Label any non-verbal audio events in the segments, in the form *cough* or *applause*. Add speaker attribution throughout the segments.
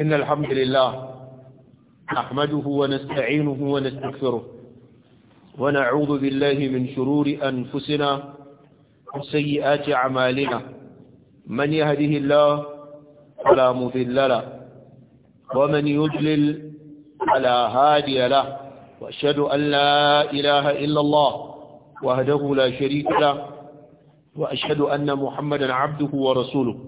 Speaker 1: إن الحمد لله نحمده ونستعينه ونستغفره ونعوذ بالله من شرور أنفسنا وسيئات أعمالنا من يهده الله فلا مذل له ومن يجلل فلا هادي له وأشهد أن لا إله إلا الله وهده لا شريك له وأشهد أن محمدا عبده ورسوله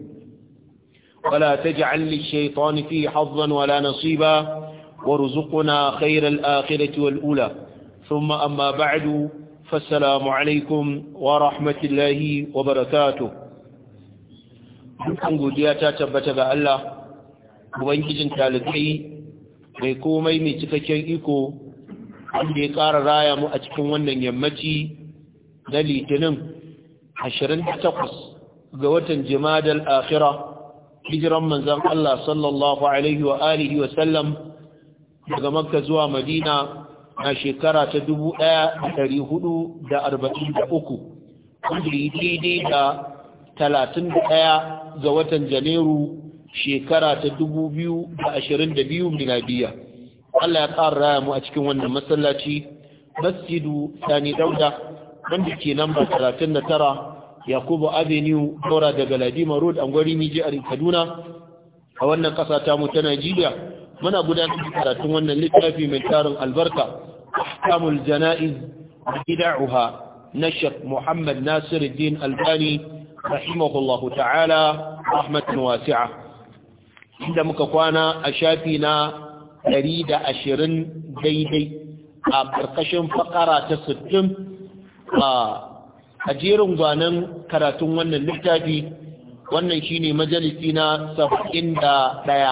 Speaker 1: ولا تجعل للشيطان فيه حظا ولا نصيبا وارزقنا خير الآخرة والأولى ثم أما بعد فالسلام عليكم ورحمة الله وبركاته dukkan godiya ta tabbata ga Allah ubangijin talibai mai komai mai cikakken iko wanda ya ƙara raya mu a cikin wannan yammaci na litinin 28 ga watan jimadal akhirah hijiran manzan Allah sallallahu alaihi wa alihi wa sallam daga makka zuwa madina na shekara ta 1443 wanda daidai da 31 ga watan janairu shekara ta 2022 miladiya Allah ya ƙara mu a cikin wannan masallaci masjidu sani dauda wanda ke namba 39 yakubu avenue daura daga ladima road angwari miji a kaduna a wannan ƙasa ta mu ta najeriya muna gudanar da karatun wannan littafi mai tarin albarka ahkamul jana'iz bid'uha na Sheikh Muhammad Nasiruddin Albani rahimahullahu ta'ala rahmatan wasi'a inda muka kwana a shafi na 120 daidai a karkashin fakara ta 60 a a jerin gwanan karatun wannan littafi wannan shine majalisi na saba'in da ɗaya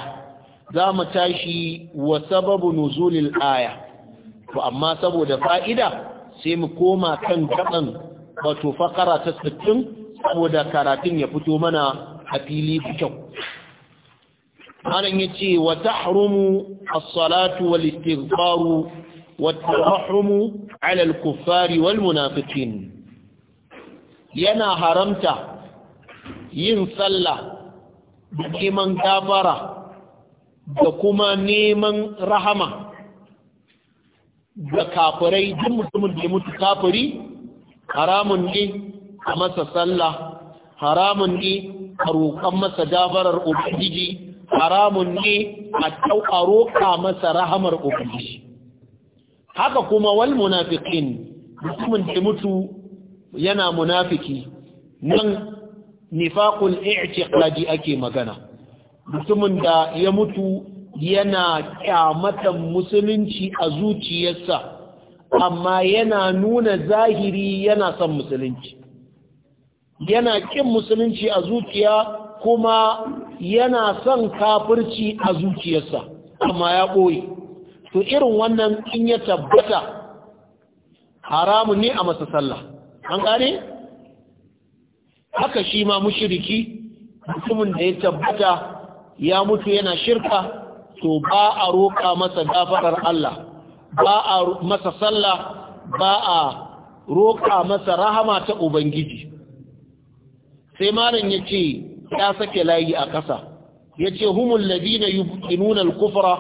Speaker 1: za mu tashi wa sababu nuzulil aya to amma saboda fa'ida sai mu koma kan gaban wato fakara ta sittin saboda karatun ya fito mana a fili kyau anan ce, wa harumu a salatu wal istighfaru wa ta harumu alal kuffari wal munafikin yana haramta yin sallah da neman gafara da kuma neman rahama ga kafirai duk mutumin da ya mutu kafiri haramun ne a masa sallah haramun ne a roƙon masa gafarar ubangiji haramun ne a a roƙa masa rahamar ubangiji haka kuma wal munafiqin mutumin da mutu yana munafiki nan nifaqul i'tiqadi ake magana mutumin da ya mutu yana kyamatan musulunci a zuciyarsa amma yana nuna zahiri yana son musulunci yana kin musulunci a zuciya kuma yana son kafirci a zuciyarsa amma ya ɓoye to irin wannan in ya tabbata haramun ne a masa sallah an gane haka shi ma mushiriki mutumin da ya tabbata ya mutu yana shirka to ba a roƙa masa gafarar Allah ba a masa sallah ba a roƙa masa rahama ta ubangiji sai malam ya ce ya sake layi a ƙasa ya ce humul ladina yubtinuna al-kufra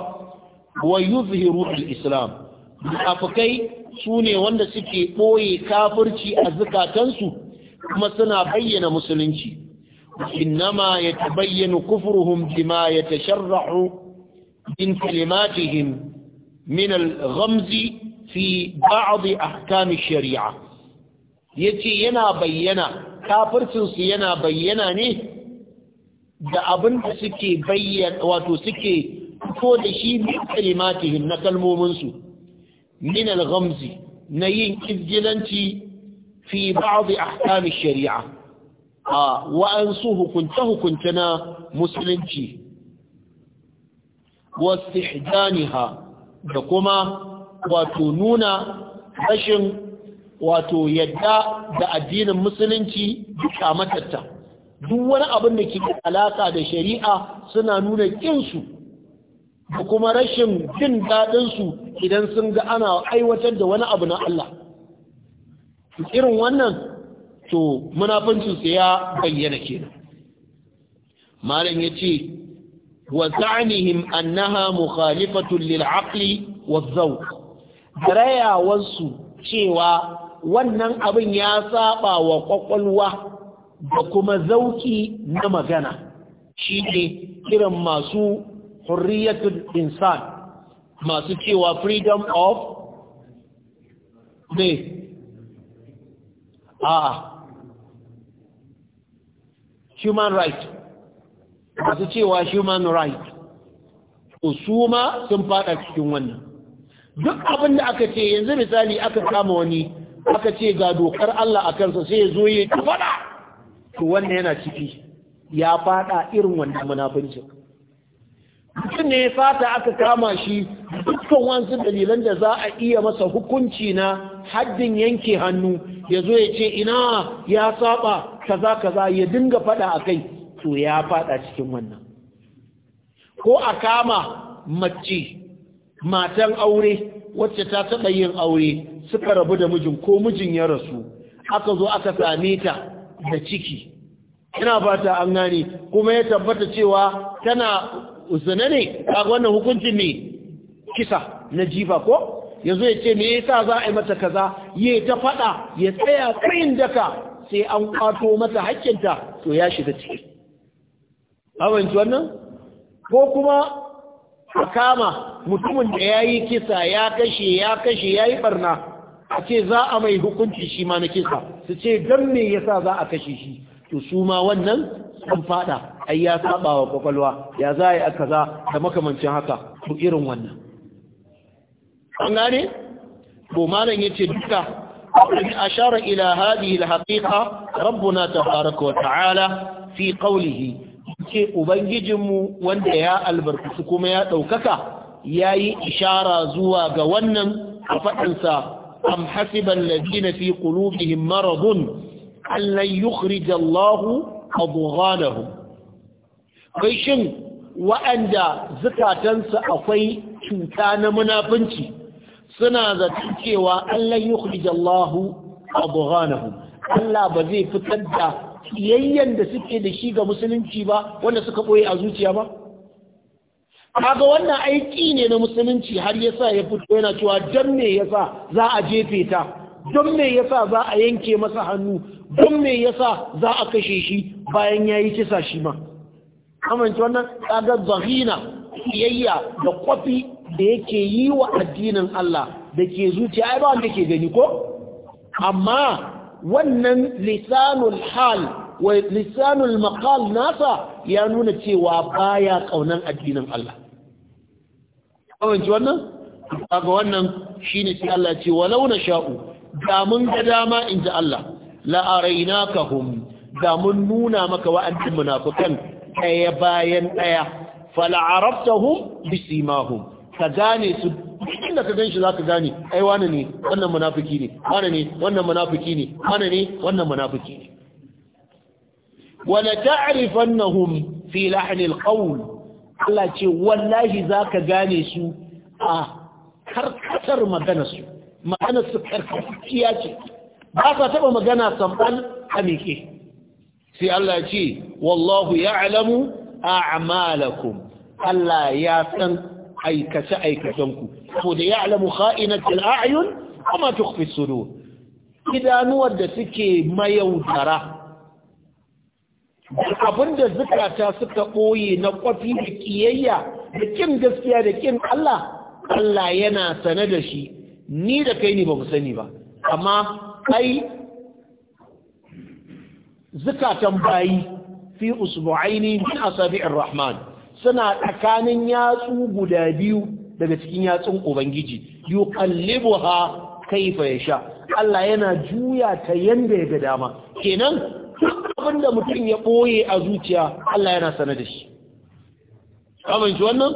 Speaker 1: wa yuzhiru al-islam munafikai su ne wanda suke ɓoye kafirci a zukatansu kuma suna bayyana musulunci innama ya ta bayyana kufurhum bima ya tasharra'u in kalimatihim min al-ghamzi fi ba'd ahkam shari'a yace yana bayyana kafircinsu yana bayyana ne da abin da suke bayyana wato suke fito da shi min kalimatihim na kalmominsu min al-ghamzi na yin izgilanci fi ba'd ahkam sharia a wa'ansu hukunta hukunta na musulunci wastihjaniha da kuma wato nuna rashin wato yadda da addinin musulunci duka matatta duk wani abin da ke alaƙa da shari'a suna nuna ƙinsu da kuma rashin jin daɗinsu idan sun ga ana aiwatar da wani abu na Allah irin wannan to munafincin sa ya bayyana kenan malam yace wa za'nihim annaha mukhalifatun lil aqli wa zawq rayawansu cewa wannan abin ya saba wa kwakwalwa da kuma zauki na magana shi ne irin masu hurriyatul insan masu cewa freedom of me a ah. human right masu cewa human right usuma sun fada cikin wannan duk abin da aka ce yanzu misali aka kama wani aka ce ga dokar Allah a kansa sai ya zo ya fada to wannan yana ciki ya fada irin wannan munafincin mutum ne fata aka kama shi dukkan wasu dalilan da za a iya masa hukunci na haddin yanke hannu ya zo ya ce ina ya saba kaza kaza ya dinga fada a kai to ya fada cikin wannan ko a kama mace matan aure wacce ta taɓa yin aure suka rabu da mijin ko mijin ya rasu aka zo aka same ta da ciki ina ta an gane kuma ya tabbata cewa tana zina ne kaga wannan hukuncin ne kisa na jifa ko yanzu ya ce me yasa za a yi mata kaza ya ta faɗa ya tsaya tsayin daka sai an kwato mata hakkinta to ya shiga ciki ji wannan ko kuma a kama mutumin da ya yi kisa ya kashe ya kashe ya yi barna a ce za a mai hukunci shi ma na kisa su ce don me yasa za a kashe shi to su ma wannan sun faɗa. ai ya saba wa kwakwalwa ya za a kaza da makamancin haka to irin wannan an gane to malam yace duka ashara ila hadhihi alhaqiqa rabbuna tabaraka wa ta'ala fi qawlihi ce ubangijinmu wanda ya albarkaci kuma ya Ya yayi ishara zuwa ga wannan a fadinsa am hasiban ladina fi qulubihim maradun an lan yukhrija Allahu adghanahum akwai shin wa'anda zukatansu akwai cuta na munafunci suna zaton cewa Allah a abghanahum Allah ba zai fitar da yayyan da suke da shi ga musulunci ba wanda suka ɓoye a zuciya ba ga wannan aiki ne na musulunci har yasa ya fito yana cewa don me yasa za a jefe ta don me yasa za a yanke masa hannu don me yasa za a kashe shi bayan ya yi kisa shi ma amince wannan kaga zahina kiyayya da kwafi da yake yi wa addinin Allah da ke zuciya ai ba wanda ke gani ko amma wannan lisanul hal wa lisanul maqal nasa ya nuna cewa baya kaunan addinin Allah amince wannan kaga wannan shine sai Allah ce walau na sha'u da mun ga dama inji Allah la arainakahum da mun nuna maka wa'antin munafikan ɗaya bayan ɗaya fala'arabtahum bisimahum ka gane su inda ka ganshi zaka gane ai wani ne wannan munafiki ne wani ne wannan munafiki ne wani ne wannan munafiki ne wala ta'rifannahum fi lahn alqawl Allah ce wallahi zaka gane su a karkatar magana su magana su karkatiya ce ba ka taba magana samban amike sai Allah ce wallahu ya'lamu a'malakum Allah ya san aikace aikatanku saboda ya'lamu kha'inatul a'yun kuma tukhfi sudur idanuwar da suke mayaudara abinda zukata suka ɓoye na kwafi da kiyayya da kin gaskiya da kin Allah Allah yana sane da shi ni da kai ne ba mu sani ba amma kai zukatan bayi fi usbu'aini min asabi'ir rahman suna tsakanin yatsu guda biyu daga cikin yatsun ubangiji yuqallibuha kaifa yasha Allah yana juya ta yanda ya ga dama kenan abin mutum ya boye a zuciya Allah yana sanar da shi kaman shi wannan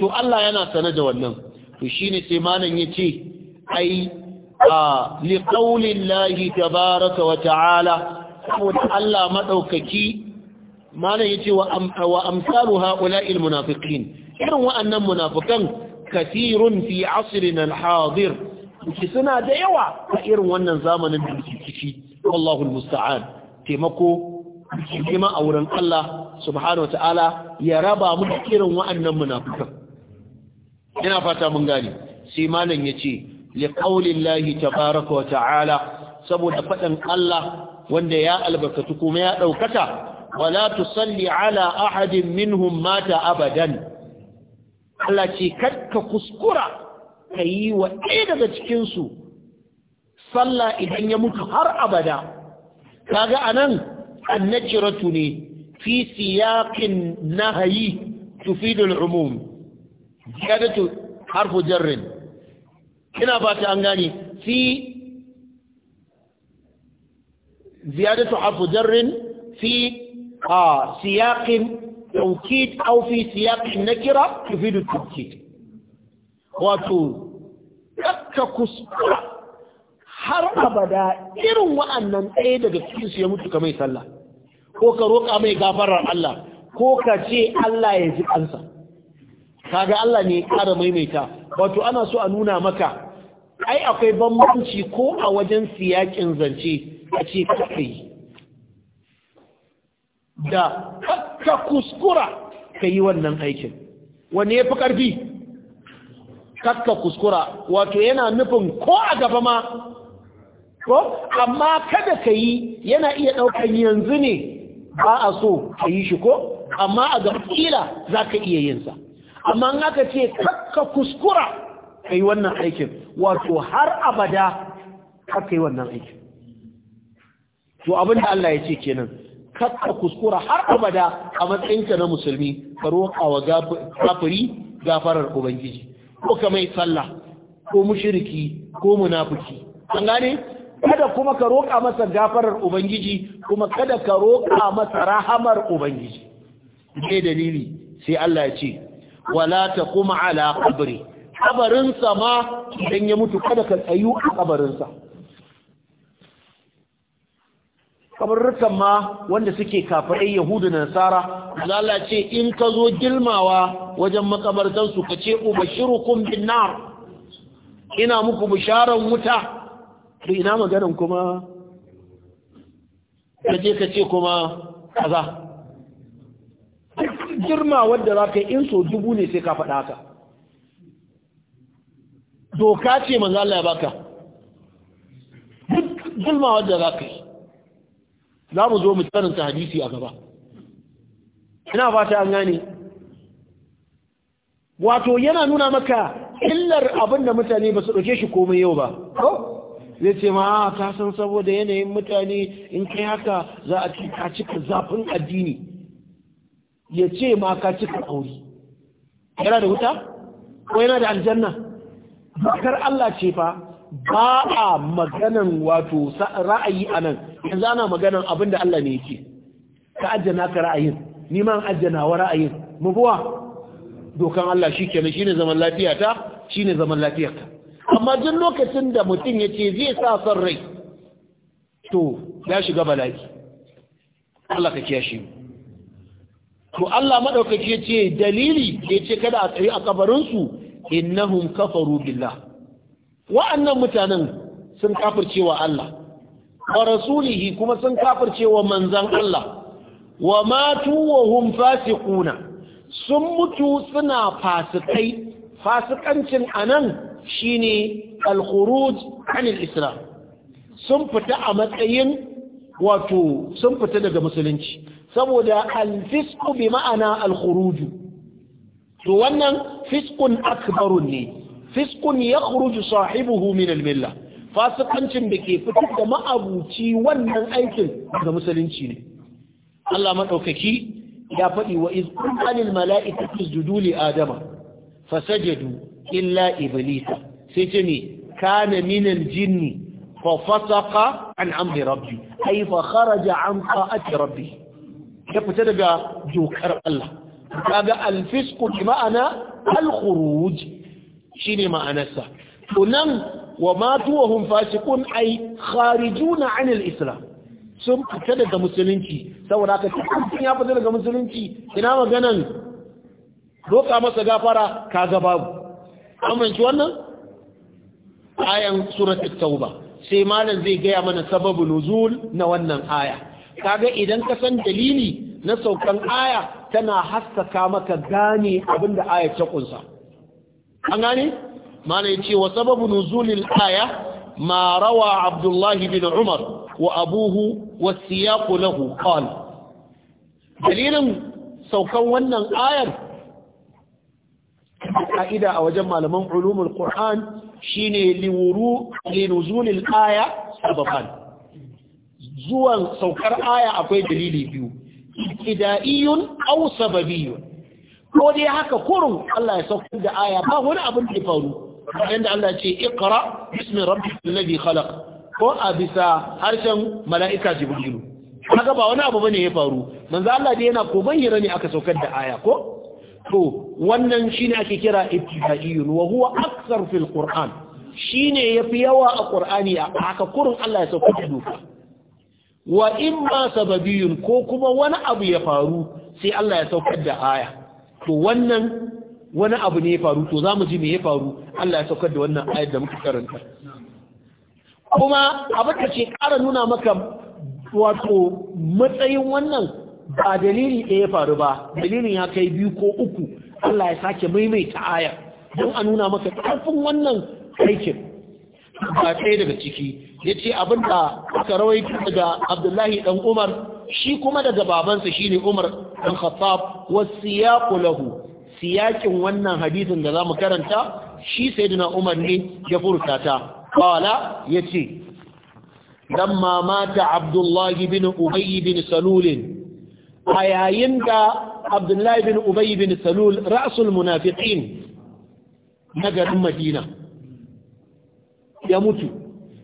Speaker 1: to Allah yana sanar da wannan to shine sai malam yace ai a liqaulillahi tabaaraka wa ta'ala saboda Allah madaukaki malam yace wa amsalu haula'il munafiqin irin wa'annan munafikan kathirun fi asrina alhadir ki suna da yawa a irin wannan zamanin da muke ciki wallahu almusta'an taimako kima a wurin Allah subhanahu wataala ya raba mu irin wa'annan munafikan ina fata mun gane sai malam yace li qaulillahi tabaaraka wa ta'ala saboda fadan Allah wanda ya albarkatu kuma ya ɗaukaka wala salli ala ahadin minhum mata abadan Allah ce ka kuskura ka yi wa ɗaya daga cikinsu sallah idan ya mutu har abada kaga anan annakiratu ne fi siyaqin nahyi tufidu al-umum ziyadatu harfu jarrin ina ba ta an gane fi زيادة حرف جر في آه سياق توكيد أو في سياق النكرة تفيد التوكيد wato ka kuskura har abada irin wa'annan ɗaya daga cikinsu ya mutu kamar sallah ko ka roƙa mai gafarar Allah ko ka ce Allah ya ji kansa kaga Allah ne ƙara maimaita wato ana so a nuna maka ai akwai bambanci ko a wajen siyakin zance a ce da kakka kuskura ka yi wannan aikin wanne ya fi ƙarfi kakka kuskura wato yana nufin ko a gaba ma ko amma kada ka yi yana iya ɗaukan yanzu ne ba a so ka yi shi ko amma a gaba ƙila za ka iya yinsa amma in aka ce kakka kuskura ka yi wannan aikin wato har abada kakka yi wannan aikin to abin da Allah ya ce kenan kakka kuskura har abada a matsayinka na musulmi ka roƙa wa gafari gafarar ubangiji ko ka mai sallah ko mushriki ko munafiki an gane kada kuma ka roƙa masa gafarar ubangiji kuma kada ka roƙa masa rahamar ubangiji ne dalili sai Allah ya ce wala taquma ala qabri sa ma idan ya mutu kada ka tsayu a kabarinsa kabarrukan ma wanda suke kafirai yahudu da nasara Allah ce in ka zo gilmawa wajen makabartansu ka ce ubashirukum bin nar ina muku bisharar wuta to ina maganin kuma ka je ka ce kuma kaza girma wanda za ka yi in so dubu ne sai ka faɗa haka doka ce manzo Allah ya baka duk wanda za ka yi za mu zo mu karanta hadisi a gaba ina fata an gane wato yana nuna maka illar abin da mutane ba su ɗauke shi komai yau ba zai ce ma ah, ka san saboda yanayin mutane in kai haka za a ci cika zafin addini ya ce ma ka cika aure yana da wuta ko yana da aljanna bakar Allah ce fa ba a maganan wato ra'ayi a nan yanzu ana maganan abin da Allah ne yake ka ajjana ka ra'ayin ni ma ajjana wa ra'ayin mu dokan Allah shi kenan ne zaman lafiya ta ne zaman lafiya ta amma duk lokacin da mutum ya ce zai sa son rai to ya shiga bala'i Allah ka kiyashe mu to Allah madaukaki ya ce dalili ya ce kada a tsayi a kabarinsu innahum kafaru billah wa'annan mutanen sun kafircewa Allah wa rasulihi kuma sun kafircewa manzan Allah wa matu wa hum sun mutu suna fasikai fasikancin anan shine al-khuruj anil islam sun fita a matsayin wato sun fita daga musulunci saboda al-fisqu bi ma'ana al to wannan fisqun akbarun ne fiskun ya kuruju sahibuhu min milla fasikancin da ke fitar da ma'abuci wannan aikin ga musulunci ne Allah maɗaukaki ya faɗi wa izkun alil mala'ikatu sujudu li adama fasajadu illa iblisa sai ce ne kana min aljinni fa fasaqa an amri rabbi ay fa kharaja an ta'ati rabbi ya fita daga jokar Allah kaga alfisku bi ma'ana kuruji. shine ma'anarsa Tunan wa matu wa hum fasiqun ay islam sun fita daga musulunci saboda haka cikin ya fita daga musulunci ina maganan roƙa masa gafara ka babu amince wannan ayan surat tauba sai malam zai gaya mana sababu nuzul na wannan aya kaga idan ka san dalili na saukan aya tana haskaka maka gane abinda aya ta kunsa an gane mana ce wa sababu nuzulil aya ma rawa abdullahi bin umar wa abuhu wa siyaqu lahu qal dalilin saukan wannan ayar ka'ida a wajen malaman ulumul qur'an shine liwuru linuzulil aya sababan zuwan saukar aya akwai dalili biyu ibtidaiyun aw sababiyun ko dai haka kurun Allah ya sauko da aya ba wani abin da faru bayan da Allah ce iqra bismi rabbikal ladhi khalaq ko a bisa harshen mala'ika jibrilu kaga ba wani abu bane ya faru manzo Allah dai yana koban hira ne aka saukar da aya ko to wannan shine ake kira ibtidaiyun wa huwa akthar fil qur'an shine yafi yawa a qur'ani haka kurun Allah ya saukar da doka wa imma sababiyun ko kuma wani abu ya faru sai Allah ya saukar da aya to wannan wani abu ne ya faru to za mu ji me ya faru Allah ya saukar da wannan ayar da muka karanta kuma abin da ke ƙara nuna maka wato matsayin wannan ba dalili ɗaya ya faru ba dalilin ya kai biyu ko uku Allah ya sake maimaita ayar don a nuna maka ƙarfin wannan aikin ba ɗaya daga ciki ya ce abin da aka rawaito daga Abdullahi ɗan Umar shi kuma daga babansa shine Umar bin Khattab ya lahu siyakin wannan hadisin da zamu karanta shi sai Umar ne ya furta ta qala yace lamma mata Abdullah bin bin Salul ayayin da Abdullahi bin Ubay bin Salul ra'sul munafiqin na garin Madina ya mutu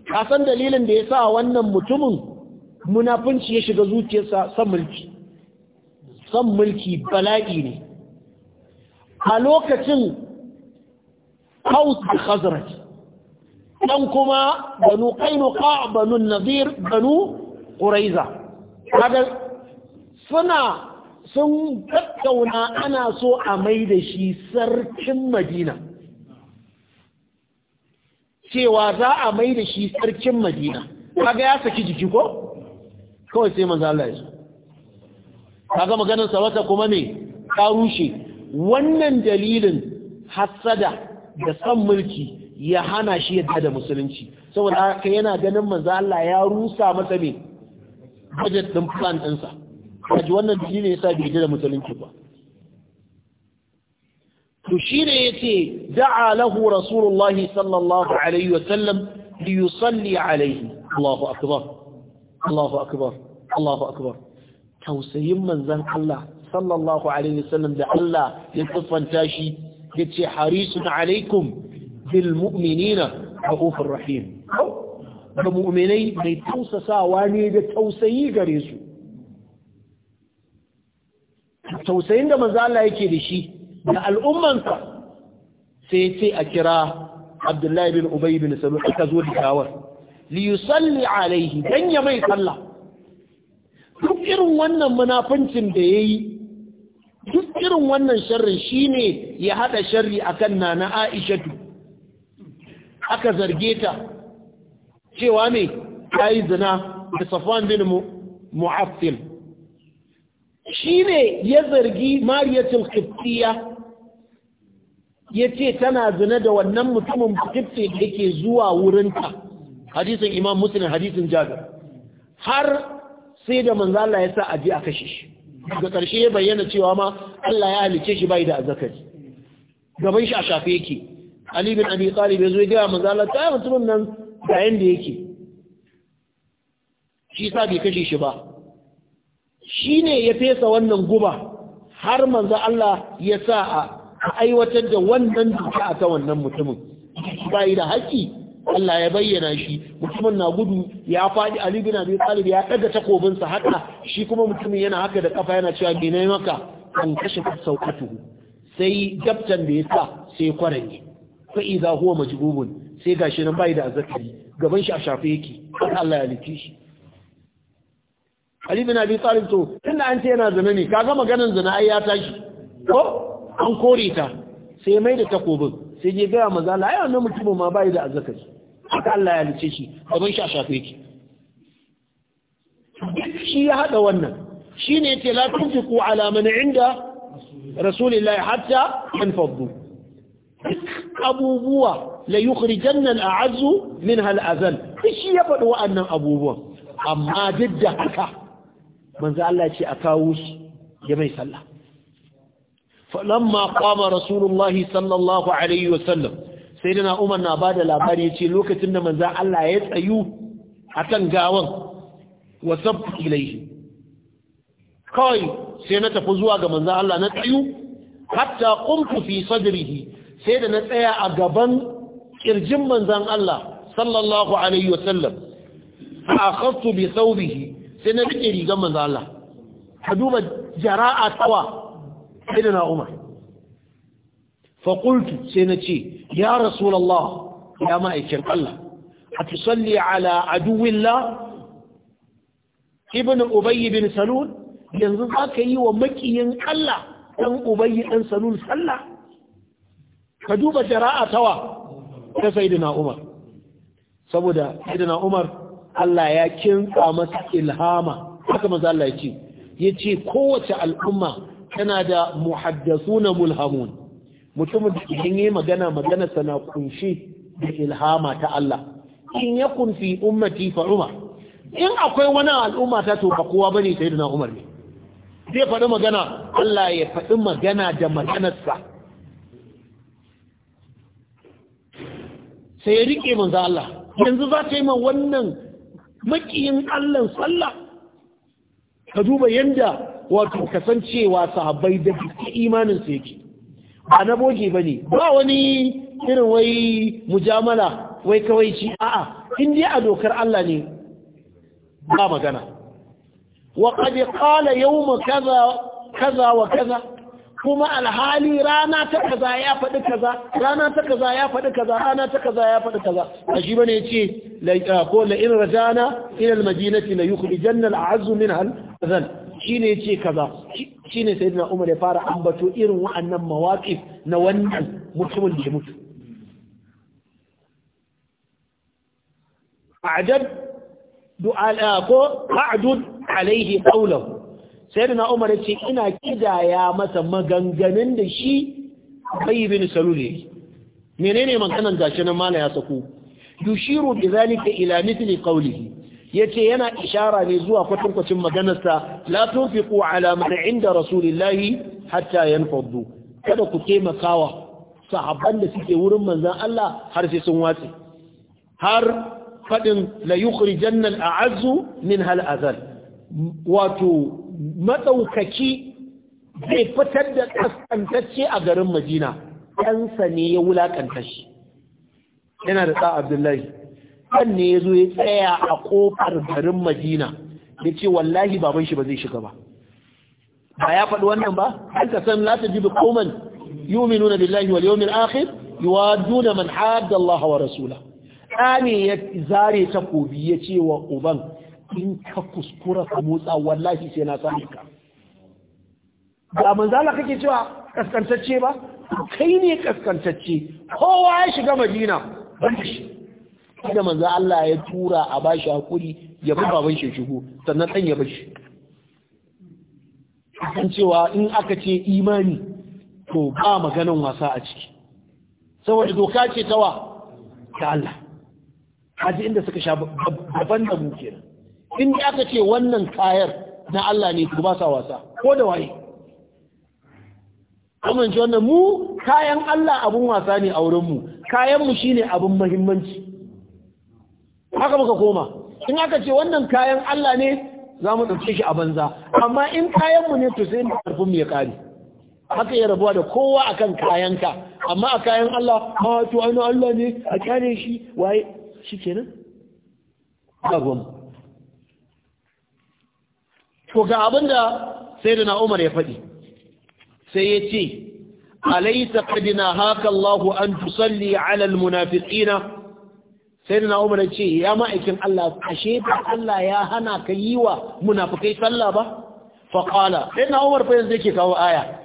Speaker 1: kasan dalilin da ya sa wannan mutumin munafunci ya shiga zuciyarsa san mulki san mulki bala'i ne a lokacin haus da khazraj dan kuma banu qainuqa banu nadir banu quraiza kada suna sun tattauna ana so a mai da shi sarkin madina cewa za a mai da shi sarkin madina kaga ya saki jiki ko kawai sai manzo Allah ya so kaga maganar sa wata kuma ne ka rushe wannan dalilin hasada da san mulki ya hana shi yadda da musulunci saboda haka yana ganin manzo Allah ya rusa masa me budget din plan ɗinsa kaji wannan dalilin yasa bai da musulunci ba to shine yace da'a lahu rasulullahi sallallahu alaihi wa sallam li yusalli alaihi Allahu akbar Allahu akbar Allahu akbar tausayin manzon Allah sallallahu alaihi wasallam da Allah ya siffanta shi yace harisun alaikum bil mu'minina rahufur rahim da mu'minai mai tausasawa ne da tausayi gare su tausayin da manzo Allah yake da shi da al'ummansa sai yace a kira Abdullahi bin Ubay bin Salul ka zo da shawara liyusalli alaihi dan ya mai sallah duk irin wannan munafincin da yayi duk irin wannan sharrin shine ya hada sharri kan nana Aisha aka zarge ta cewa me yi zina da Safwan bin Mu'affil shine ya zargi Mariyatul Qibtiyya ya ce tana zina da wannan mutumin bakifte da yake zuwa wurinta hadisin imam muslim hadisin jabir har sai da manzo Allah ya sa a a kashe shi ga ƙarshe ya bayyana cewa ma Allah ya halice shi bai da zakati gaban shi a shafe yake Ali bin Abi Talib ya zo ya ga manzo Allah ta mutum nan da yanda yake shi sa bai kashe shi ba shine ya fesa wannan guba har manzo Allah ya sa a aiwatar da wannan duka akan wannan mutumin bai da haƙƙi Allah ya bayyana shi mutumin na gudu ya faɗi Ali bin Abi Talib ya daga takobinsa haka shi kuma mutumin yana haka da kafa yana cewa gine maka an kashe sauƙatu sai gabtan da ya sa sai kwaranye fa idza huwa majbubun sai gashi nan bai da azzakari gaban shi a shafe yake Allah ya liki shi Ali bin Abi Talib to tunda an ce yana zina ne kaga maganar zina ai ya tashi ko an kore ta sai mai da takobin sai je ga maza Allah ai wannan mutumin ma bai da azzakari haka Allah ya halice shi gaban shi a shafe ki shi ya hada wannan shine yace la tunfiqu ala man inda rasulillahi hatta yanfaddu abubuwa la yukhrijanna min minha al'azal shi ya faɗi wa'annan abubuwan amma duk da haka manzo Allah ce a kawo shi ya mai sallah falamma qama rasulullahi sallallahu alaihi wasallam sai dana umar na ba da labari ya ce lokacin da manzan Allah ya tsayu a kan gawan wasabtu ilaihi kawai sai na tafi zuwa ga manzan Allah na tsayu hatta qumtu fi sadrihi sai da na tsaya a gaban kirjin manzan Allah sallallahu alaihi wasallam akhadtu bi thawbihi sai na rike rigar manzan Allah ka duba jara'a tawa sai da umar faƙultu sai na ce ya rasulallah ya ma'aikin Allah a tusalli ala aduwillah ibn ubayy bin yanzu za ka yi wa makiyan Allah ɗan ubayy ɗan sallah ka duba shari'a tawa ta sayyidina Umar saboda sayyidina Umar Allah ya kinsa masa ilhama haka maza Allah ya ce kowace al'umma tana da muhaddasuna mulhamun mutumin da idan yi magana magana sana kunshi da ilhama ta Allah in ya kunfi ummati fa umar in akwai wani al'umma ta to ba kowa bane sai da umar ne zai faɗi magana Allah ya faɗi magana da maganarsa sai ya riƙe manzo Allah yanzu za ta yi ma wannan makiyin Allah sallah ka duba yanda wato kasancewa sahabbai da imanin su yake ba na boge ba ne ba wani irin wai mujamala wai kawai ci a'a in a dokar Allah ne ba magana wa qad qala yawma kaza kaza wa kaza kuma alhali rana ta kaza ya faɗi kaza rana ta kaza ya faɗi kaza rana ta kaza ya faɗi kaza a shi bane ce, ko la in rajana ila almadinati la yukhrijanna al'azzu minha al'adhan shine yace kaza shine sayyidina Umar ya fara ambato irin wa'annan mawaqif na wannan mutumin da ya mutu a'jad du'a ah, ko a'dud alaihi qawluhu sayyidina Umar ya ce ina kidaya masa maganganun da shi Ubay bin Salul menene maganan gashi nan mala ya sako yushiru bi zalika ila mithli qawlihi yace yana ishara ne zuwa kwatankwacin maganarsa la tunfiqu ala man inda rasulillahi hatta yanfaddu kada ku taimakawa sahabban da suke wurin manzon Allah har sai sun watsi har fadin la yukhrijanna azu, min hal azal wato madaukaki zai fitar da kaskantacce a garin Madina ɗansa ne ya wulakanta shi yana da sa Abdullahi ɗan ne ya zo ya tsaya a ƙofar garin madina ya ce wallahi baban shi ba zai shiga ba ba ya faɗi wannan ba an ka san lati jibi koman yuminu na billahi wal yawmin akhir yuwaduna man hadda Allah wa rasula ɗani ya zare takobi ya ce wa uban in ka kuskura ka motsa wallahi sai na sami ka ba manzala kake cewa kaskantacce ba kai ne kaskantacce kowa ya shiga madina ban shi da manzo Allah ya tura a bashi hakuri ya bi baban shi shigo sannan dan ya bashi kan cewa in aka ce imani to ba maganan wasa a ciki saboda doka ce tawa ta Allah haji inda suka sha daban da mu kenan in aka ce wannan kayar na Allah ne ku ba sa wasa ko da waye amince wannan mu kayan Allah abun wasa ne a wurin mu kayan mu shine abun muhimmanci haka muka koma in aka ce wannan kayan Allah ne za mu ɗauke shi a banza amma in kayanmu ne to sai mu karfin mu ya ƙare haka ya rabuwa da kowa akan kayanka amma a kayan Allah ha to ana Allah ne a kyale shi waye shi kenan gagwam to ga abin da sai da na Umar ya faɗi sai ya ce alaysa kadina haka Allah an tusalli ala almunafiqina sai da na'umar ce ya ma'aikin Allah ashe ba Allah ya hana ka yi wa munafukai sallah ba faƙala sai da umar fa yanzu yake kawo aya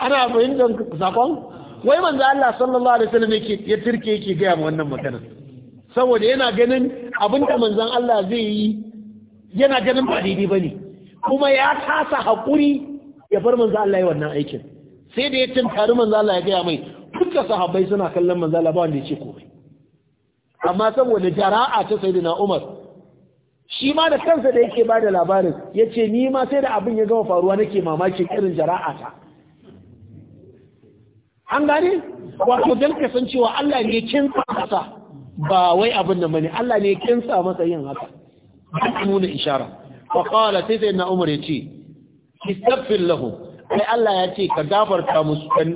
Speaker 1: ana fahimtar sakon wai manzo Allah sallallahu alaihi wasallam yake ya turke yake gaya ma wannan magana saboda yana ganin abinda manzon Allah zai yi yana ganin ba daidai bane kuma ya kasa hakuri ya bar manzo Allah yi wannan aikin sai da ya tunkari manzo Allah ya gaya mai duka sahabbai suna kallon manzo Allah ba wanda ya ce komai amma saboda jara'a ta sayyidina Umar shi ma da kansa da yake bada labarin yace ni ma sai da abin ya gama faruwa nake mamakin irin jara'a ta an gane wato dan cewa Allah ne kinsa masa ba wai abin da bane Allah ne kinsa masa yin haka nuna ishara fa qala sai sayyidina Umar yace istaghfir lahu sai Allah ya ce ka gafarta musu kan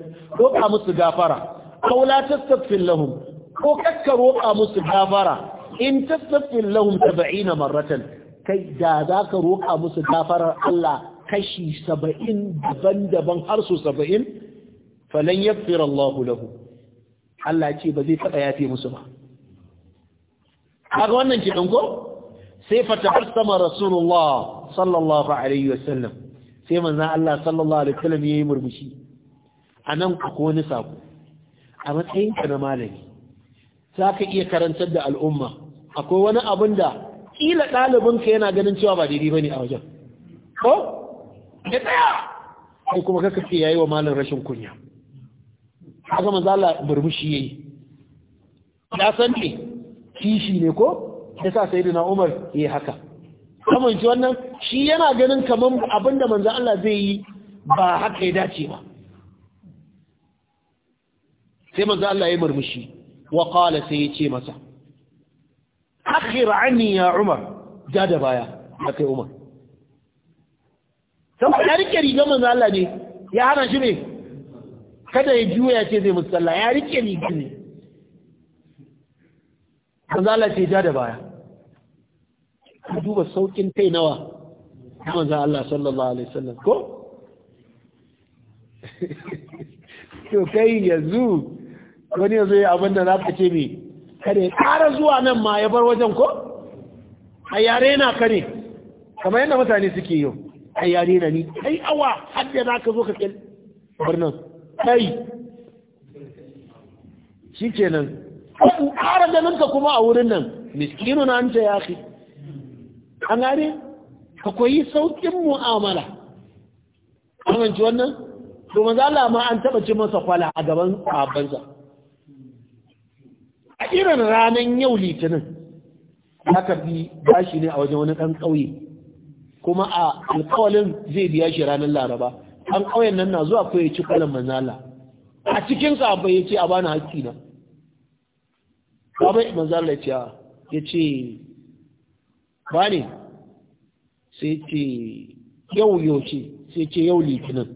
Speaker 1: musu gafara kaula tastaghfir lahum ko kakka roƙa musu gafara in tastaghfir lahum na marratan kai da za ka roƙa musu gafarar Allah kashi saba'in daban-daban har su 70 falan yaghfir Allah lahu Allah ce ba zai taɓa yafe musu ba kaga wannan kidan ko sai fatahassama rasulullah sallallahu alaihi wasallam sai manzon Allah sallallahu alaihi wasallam yi murmushi A nan ka ko wani sako a matsayinka na malami za ka iya karantar da al'umma akwai wani abin da ƙila ɗalibinka yana ganin cewa ba daidai ba ne a wajen ko ya tsaya sai kuma kaka ce ya yi wa malin rashin kunya haka manzo Allah burbushi yayi ya san ne kishi ne ko ya sa na Umar yi haka kamar shi wannan shi yana ganin kamar abinda manzo Allah zai yi ba haka ya dace ba sai manzo Allah ya yi murmushi wa qala sai yace masa akhir anni ya umar ja da baya akai umar ya rike riga manzo Allah ne ya hana shi ne kada ya juya ce zai musalla ya rike riga ne manzo Allah ce ja da baya ku duba saukin kai nawa manzo Allah sallallahu alaihi wasallam ko *laughs* wani yanzu ya abin da za ka ce mai kare ƙara zuwa nan ma ya bar wajen ko a yare na kare kamar yadda mutane suke yau a yare na ni ai awa hadda za ka zo ka kyal birnin kai shi kenan ƙara ganin ka kuma a wurin nan miskinu na an ta ya fi an gane ka koyi sauƙin mu'amala amince wannan domin zala ma an taɓa ci masa kwala a gaban abansa a irin ranar yau litinin aka bi bashi ne a wajen wani ɗan ƙauye kuma a alƙawalin zai biya shi ranar laraba an ƙauyen nan na zuwa ko ya ci manzala a cikin sahabbai ya ce a bani haƙƙi na sahabbai manzala ya ce ba ne sai ce yau yaushe sai ce yau litinin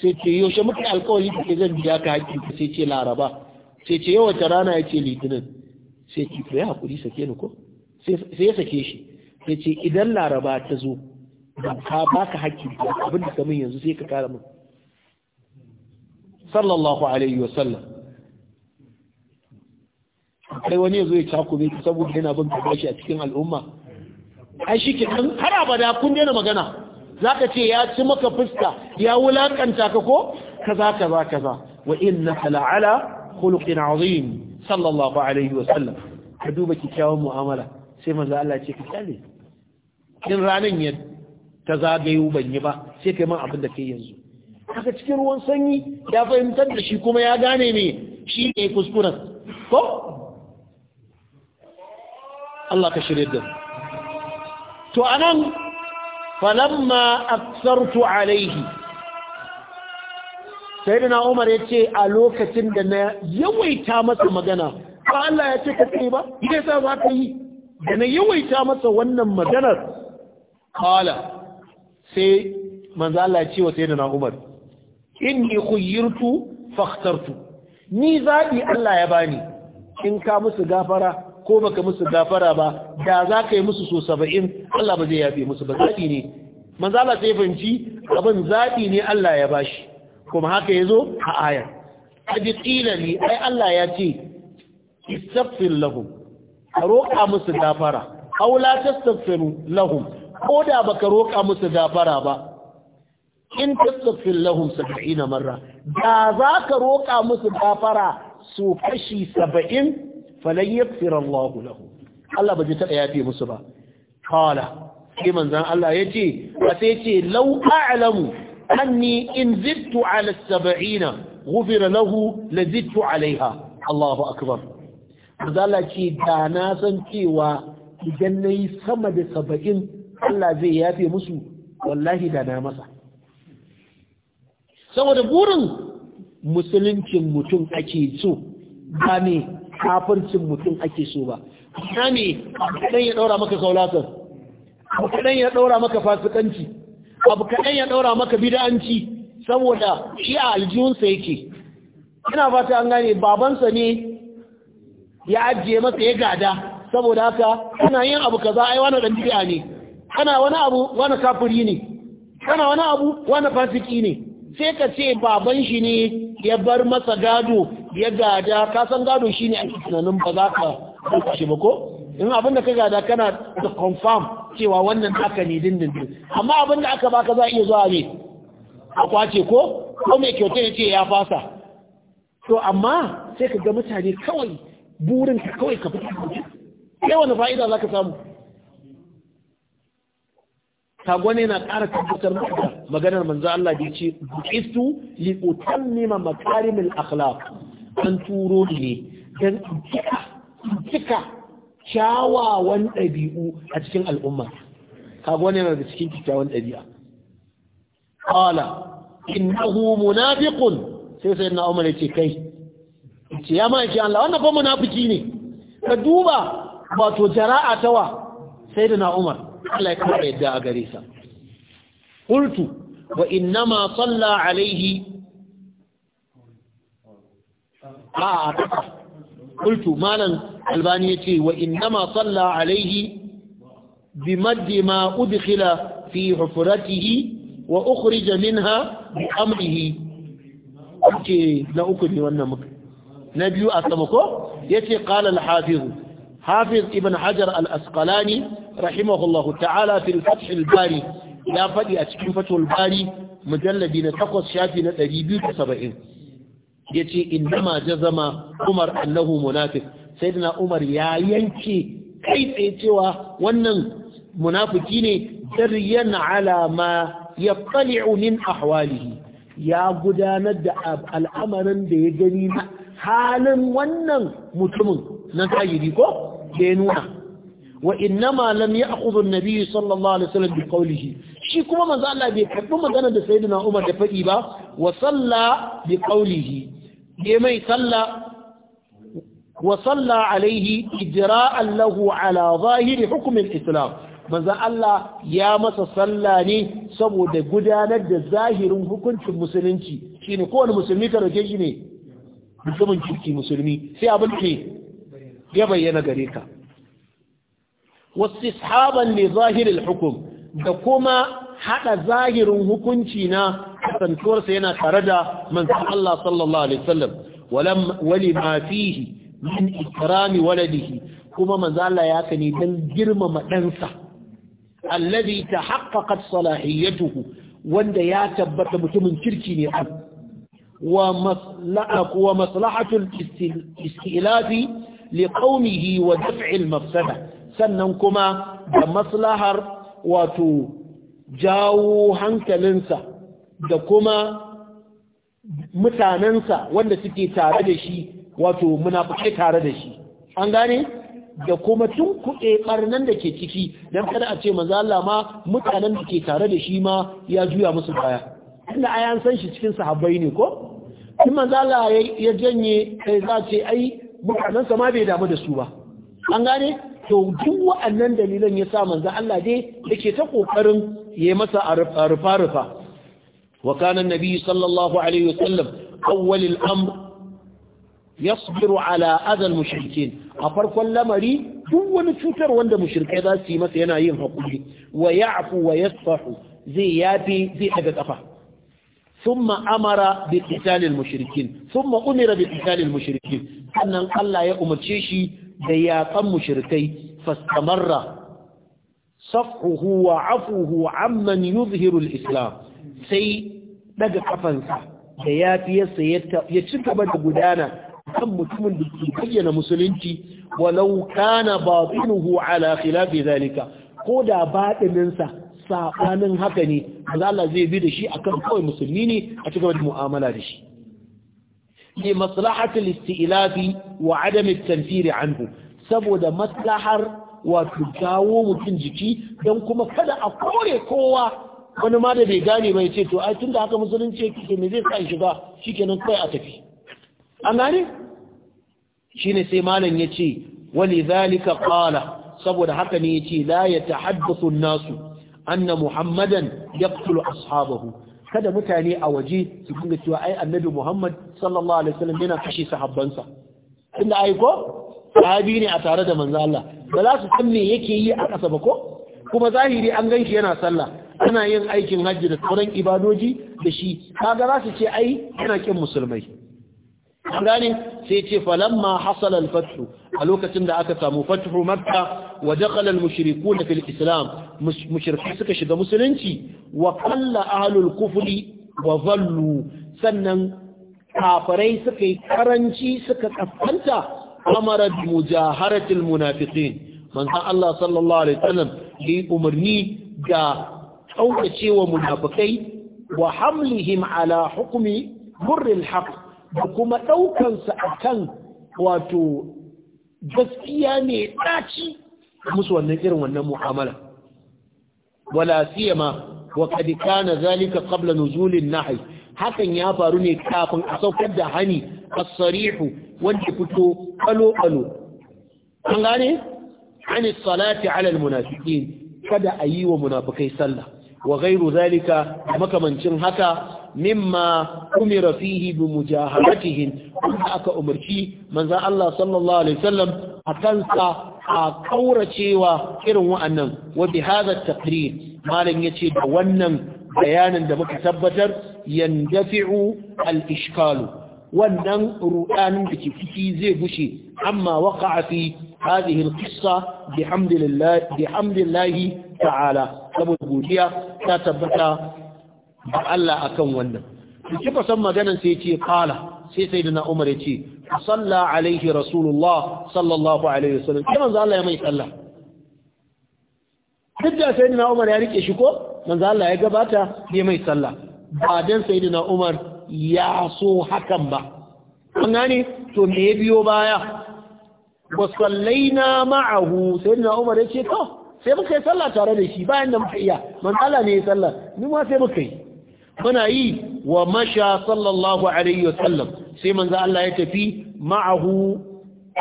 Speaker 1: sai ce yaushe muka alƙawali da ke zan biya ka haƙƙi sai ce laraba sai ce yau wata rana ya ce litinin sai ki ya haƙuri sake ni ko sai ya sake shi sai ce idan laraba ta zo ba ka baka haƙƙi ba abinda ka min yanzu sai ka kara min sallallahu alaihi wa sallam kai wani yazo ya cakume ne saboda yana bin kashi a cikin al'umma ai shike kan har da kun daina magana zaka ce ya ci maka fuska ya wulakanta ka ko kaza kaza kaza wa innaka ala khuluqin azim sallallahu alaihi wa sallam ka duba kikkiawan mu'amala sai manzo Allah ce ka kyale in ranan ya ta zagayo ban yi ba sai kai man abin da kai yanzu haka cikin ruwan sanyi ya fahimtar da shi kuma ya gane ne shi ne kuskuren ko Allah ka shirye da to anan falamma aksartu alaihi Sai na Umar ya ce a lokacin da na yawaita masa magana ba Allah ya ce ka ba ya sa za ka yi da na yawaita masa wannan maganar kala sai manzo Allah ya ce wa na Umar ni khuyirtu fakhtartu ni zabi Allah ya bani in ka musu gafara ko baka musu gafara ba da za ka yi musu so saba'in Allah ba zai yafe musu ba zaɓi ne manzala sai fanci abin zaɓi ne Allah ya bashi kuma haka ya zo a ayar aji qila li ai Allah ya ce istaghfir lahum roƙa musu gafara aw la tastaghfiru lahum ko da baka roƙa musu gafara ba in ta tastaghfir lahum na marra da za ka roƙa musu gafara su kashi saba'in. falan yaghfir Allah lahum Allah ba ji ya fi musu ba qala sai manzon Allah ya ce ba sai ce law a'lamu أني إن زدت على السبعين غفر a'laiha. Allahu عليها الله أكبر zala ce da na san cewa idan na yi sama da saba'in Allah zai yafe musu wallahi da na masa saboda burin musuluncin mutum ake so ba ne kafircin mutum ake so ba ina ne kaɗan ya ɗaura maka kaulatar kaɗan ya ɗaura maka fasikanci abu kaɗan ya ɗaura maka bida'anci saboda shi a aljihunsa yake ina fata an gane babansa ne ya ajiye masa ya gada saboda haka ana yin abu ka za a yi wani ɗan bid'a ne ana wani abu wani kafiri ne ana wani abu wani fasiki ne sai ka ce baban shi ne ya bar masa gado ya gada ka san gado ne a tunanin ba za ka shi ba ko in abin da ka gada kana da confirm cewa wannan haka ne dindindin amma abin da aka baka za a iya zuwa ne a kwace ko ko mai kyauta ya ce ya fasa to amma sai ka ga mutane kawai burin ka kawai ka fita sai wani fa'ida za ka samu ne na ƙara tabbatar maka maganar manzo Allah da ce buqistu li utammima makarimil akhlaq an turo ne dan cika cika kyawawan ɗabi'u a cikin al'umma kaga wani yana da cikin kyakkyawan ɗabi'a qala innahu munafiqun sai sai na umar yace kai ce ya mai Allah wannan fa munafiki ne ka duba wato jara'a tawa sai da na umar Allah ya kara yadda a gare sa qultu wa innama salla alaihi a qultu malan albani yace wa innama salla alaihi bimaddi ma udkhila fi hufratihi wa ukhrija minha bi amrihi ake na uku ne wannan muka na biyu a sama ko yace qala al-hafiz hafiz ibn hajar al-asqalani rahimahullahu ta'ala fil fath al-bari ya fadi a cikin fathul bari mujalladi na 8 shafi na 270 yace innama jazama umar annahu munafiq sayyidina Umar ya yanke kai tsaye cewa wannan munafiki ne daryan ala ma yattali'u min ahwalihi ya gudanar da al'amarin da ya gani na halin wannan mutumin na zahiri ko da ya nuna wa innama lam ya'khudhu an-nabi sallallahu alaihi wasallam bi qawlihi shi kuma manzo Allah bai karbi magana da sayyidina Umar da fadi ba wa salla bi qawlihi ya mai salla wa salla alaihi ijra'an lahu ala zahiri hukumin islam manzan Allah ya masa salla ne saboda gudanar da zahirin hukuncin musulunci shine kowane musulmi ka roke shi ne mutumin kirki musulmi sai abinci ya bayyana gare ka Wasu wastishaban ne zahirin hukum da kuma hada zahirin hukunci na kasantuwarsa yana tare da manzon Allah sallallahu alaihi wasallam walam wali ma fihi min ikrami waladihi kuma manzo Allah ya haka ne dan girmama ɗansa alladhi tahaqqaqat salahiyatuhu wanda ya tabbata mutumin kirki ne an wa maslahatu wa maslahatu istilafi li qaumihi wa daf'i al-mafsada sannan kuma da maslahar wato jawo hankalinsa da kuma mutanensa wanda suke tare da shi wato muna munafukai tare da shi an gane da kuma tun kuɗe ɓarnan da ke ciki don kada a ce maza Allah ma mutanen da ke tare da shi ma ya juya musu baya inda a yan san shi cikin sahabbai ne ko in maza Allah ya janye kai za ce ai mutanen sa ma bai damu da su ba an gane to duk wa'annan dalilan ya sa manzo Allah dai yake ta kokarin ya yi masa rufa rufa wa kana nabi sallallahu alaihi wasallam awwal al-amr yasbiru ala adal a farkon lamari duk wani cutar wanda mushrike za su yi masa yana yin hakuri wa ya'fu wa yasfahu zai yafe zai daga kafa thumma amara bi qitalil mushrikin thumma umira bi qitalil mushrikin sannan Allah ya umarce shi da yaqan mushrikai fastamarra safhuhu wa afuhu amman yuzhiru alislam sai daga kafansa da yafiyarsa ya ci gaba da gudana kan mutumin da ke bayyana musulunci walau kana batinuhu ala khilafi zalika ko da batininsa sabanin haka ne maza Allah zai bi da shi akan kawai musulmi ne a cikin da mu'amala da shi li maslahati al-istilafi wa adam at-tanfir anhu saboda maslahar wato jawo mutum jiki don kuma kada a kore kowa wani ma da bai gane bai ce to ai tunda haka musulunci yake me zai sa shiga shikenan kai a tafi an gane shine sai malam yace wali zalika qala saboda haka ne yace la yatahaddathu an-nasu anna muhammadan yaqtulu ashabahu kada mutane a waje su dinga cewa ai annabi muhammad sallallahu alaihi wasallam yana kashe sahabbansa inda ai ko sahabi ne a tare da manzo Allah ba za su san me yake yi a ƙasa ba ko kuma zahiri an ganshi yana sallah ana yin aikin hajji da sauran ibadoji da shi kaga za su ce ai yana kin musulmai gane sai ce falamma hasala al-fathu a lokacin da aka samu fathu makka wa dakhala al-mushrikun fil islam mushriki suka shiga musulunci wa qalla ahlul kufri wa zallu sannan kafirai suka yi karanci suka kafanta amara mujaharatil munafiqin manzon Allah sallallahu alaihi wasallam yi umarni da kaukacewa munafikai wa hamlihim ala hukmi murril haqq da kuma ɗaukansa a kan wato gaskiya ne ɗaci musu wannan irin wannan mu'amala wala siyama wa Kadika kana zalika qabla nuzulin nahy hakan ya faru ne kafin a saukar da hani a sarihu wanda fito kalo kalo an gane ani salati alal al kada kada yi wa munafikai sallah wa gairu zalika makamancin haka mimma umira fihi bi mujahadatihim wanda aka umarci manzon Allah sallallahu alaihi wasallam akan sa a kauracewa irin wa'annan wa bi hadha taqrir malam yace da wannan bayanin da muka tabbatar yandafi'u al-ishkalu wannan rudanin da ke zai gushe amma waqa'a fi hadhihi al-qissa bihamdillah bihamdillah ta'ala saboda godiya ta tabbata ba Allah akan wannan kika san maganan sai ce kala sai sai Umar ya ce salla alaihi rasulullah sallallahu alaihi wasallam sai manzo Allah ya mai sallah duk da sai Umar ya rike shi ko manzo Allah ya gabata ya mai sallah ba dan sai Umar ya so hakan ba kun gane to me ya biyo baya wa sallaina ma'ahu sai na Umar ya ce to sai muka yi sallah tare da shi bayan da muka iya manzo Allah ne ya sallah ni ma sai muka yi muna yi wa masha sallallahu alaihi wasallam sai manzo Allah ya tafi ma'ahu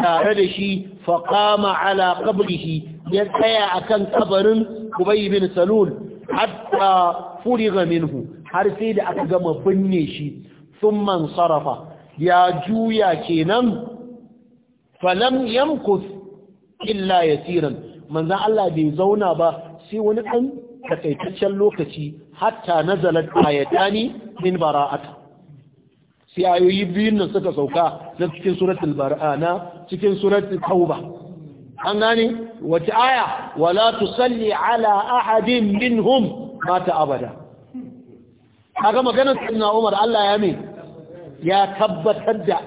Speaker 1: tare da shi fa ala qabrihi ya tsaya akan kabarin Ubay bin Salul hatta furiga minhu har sai da aka gama binne shi thumma sarafa ya juya kenan falam yamkus illa yasiran manzo Allah bai zauna ba sai wani dan takaitaccen lokaci hatta nazalat ayatani min bara'ata sai ayoyi biyun nan suka sauka na cikin suratul na cikin suratul tauba an gane wace aya wala tusalli ala ahadin minhum mata abada kaga maganar sayyidina Umar Allah ya me ya tabbatar da